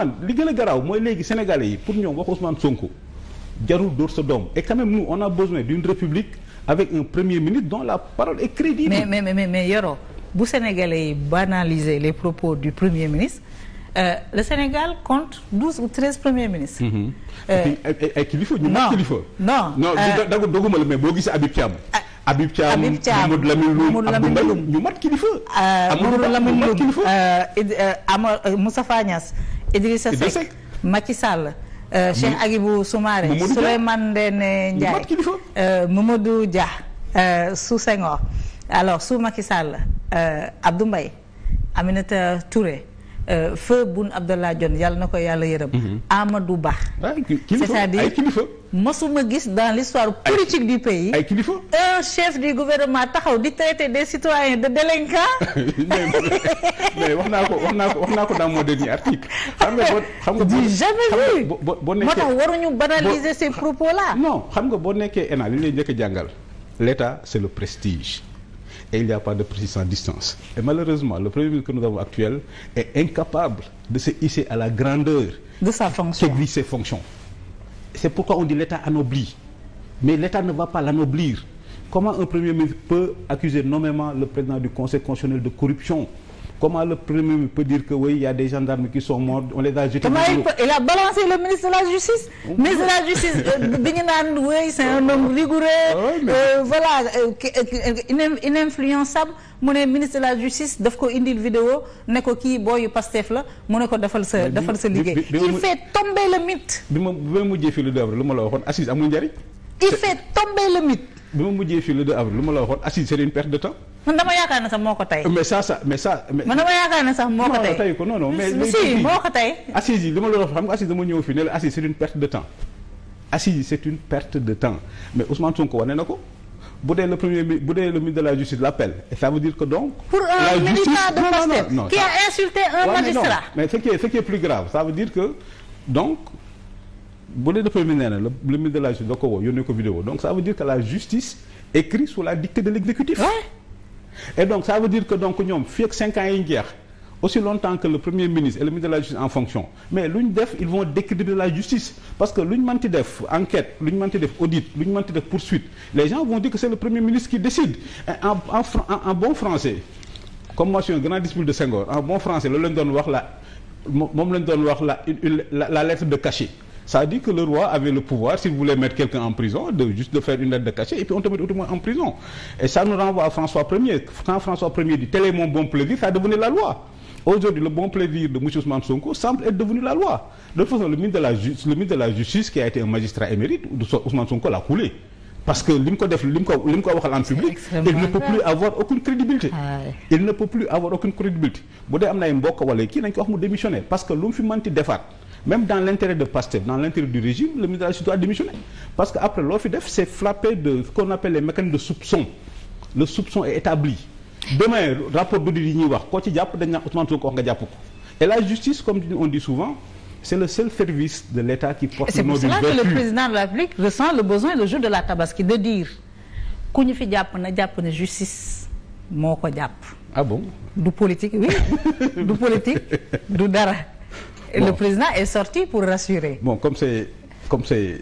Ousmane li gën a garaaw mooy léegi sénégalais yi pour ñoom wax Ousmane Sonko jarul dóor sa doom et quand même nous on a besoin d'une république avec un premier ministre dont la parole est crédible. mais mais mais Yoro bu sénégalais yi banaliser les propos du premier ministre. Euh, le Sénégal compte douze ou treize premiers ministres. ay mm-hmm. euh, kilifa ñu mag kilifa. non non non euh, doguma la mais boo gise ah, Habib Thiam. Habib Thiam Mamadou Lamine Loum Abdou Mbaye Idrissa Seck Macky Sall. Euh, Cheikh Agibou Soumaré Souleymane Ndéné Ndiaye euh, Mamadou Dia euh, sous Senghor alors su Macky Sall Abdou Mbaye Aminata Touré feu bun Abdallah Dionne yàlla na ko yàlla yërëm mhm. Amadou Ba ah, cest dire mosuma gis dans l'histoire politique du pays ay kilifa un chef du gouvernement taxaw di traiter des citoyens de délinquants mais wax naa ko wax naa ko wax naa ko dans mon dernier article xam nga boo xam nga du jamais vu boo nekkee moo tax waruñu banaliser ces propos là non xam nga boo nekkee ENA li ñu jëkk a jàngal l'état c'est le prestige et il n'y a pas de prestige sans distance malheureusement le premier ministre que nous actuel est incapable de se hisser à la grandeur de sa fonction de ses fonctions c'est pourquoi on dit l'État anoblit mais l'État ne va pas l'anoblir comment un premier ministre peut accuser nommément le président du conseil constitutionnel de corruption comment le premier peut dire que oui il y a qui sont morts on les a jetés. le ministre de la justice. ministre de la justice euh, bi ñu naan oui c'est un homme rigoureux. Ah euh, voilà euh, euh, ininfluençable mu ne ministre de la justice daf ko indil vidéo ne ko kii booyu Pastef la mu ne ko defal sa defal sa liggéey. il fait tomber le mythe. bi ma bi ma mujjee fii le 2 avril lu ma la waxoon assise amul njariñ. il fait tomber le mythe. bi ma mujjee fii le 2 avril lu ma la waxoon assise c'est une perte man dama yaakaar ne sax moo ko tey. mais ça ça mais ça. man dama yaakaar ne sax moo ko tey non ko non non. mais si moo ko tey. assise yi li ma la wax xam nga assise dama ñëw fii ne la assise c'est une perte de temps assise yi c'est une perte de temps mais Ousmane Sonko wane na ko. bu dee le premier mi bu dee le ministre de la justice l'appelle et ça veut dire que donc. pour un militant de Pastef qui a insulté un magistrat. mais ce qui est ce qui est plus grave ça veut dire que donc bu dee ko woo yónnee ko vidéo donc ça veut la justice et donc ça veut dire que donc ñoom fii ak cinq ans yi jeex aussi longtemps que le premier ministre et le ministre de la justice en fonction mais lu ñu def ils vont décrédibiliser la justice parce que lu ñu mënti def enquête lu ñu mënti def audit lu ñu mënti def poursuite les gens vont dire que c'est le premier ministre qui décide en en, français comme moi je suis un de Senghor en bon français loolu lañ doon wax la moom lañ doon wax la la lettre de cachet ca dit que le roi avait le pouvoir s'il voulait mettre quelqu'un en prison de juste de faire une lettre de cachet et puis on te met autrement en prison et ça nous renvoie François Ier quand François Ier dit tel est mon bon plaisir ça devenait la loi aujourd'hui le bon plaisir de monsieur Ousmane Sonko semble être devenu la loi de façon le ministre de la justice qui a été un magistrat émérite Ousmane Sonko l'a coulé parce que même dans l'intérêt de Pastef dans l'intérêt du régime le ministre de la Justice a démissionner parce que après loo fi def c'est frappé de ce qu'on appelle les mécanismes de soupçon le soupçon est établi demain rapport bi di ñuy wax koo ci jàpp dañ naan Ousmane Sonko wax nga jàpp ko et la justice comme on dit souvent c'est le seul service de l'État qui porte le nom d'une vertu. C'est pour cela le président de la République ressent le besoin le jour de la Tabaski de dire ku ñu fi jàpp na jàpp na justice moo ko jàpp. ah bon du politique oui du politique du dara. Bon. Le président est sorti pour rassurer. Bon, comme c'est comme c'est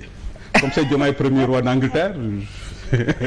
comme c'est Diomaye premier roi d'Angleterre.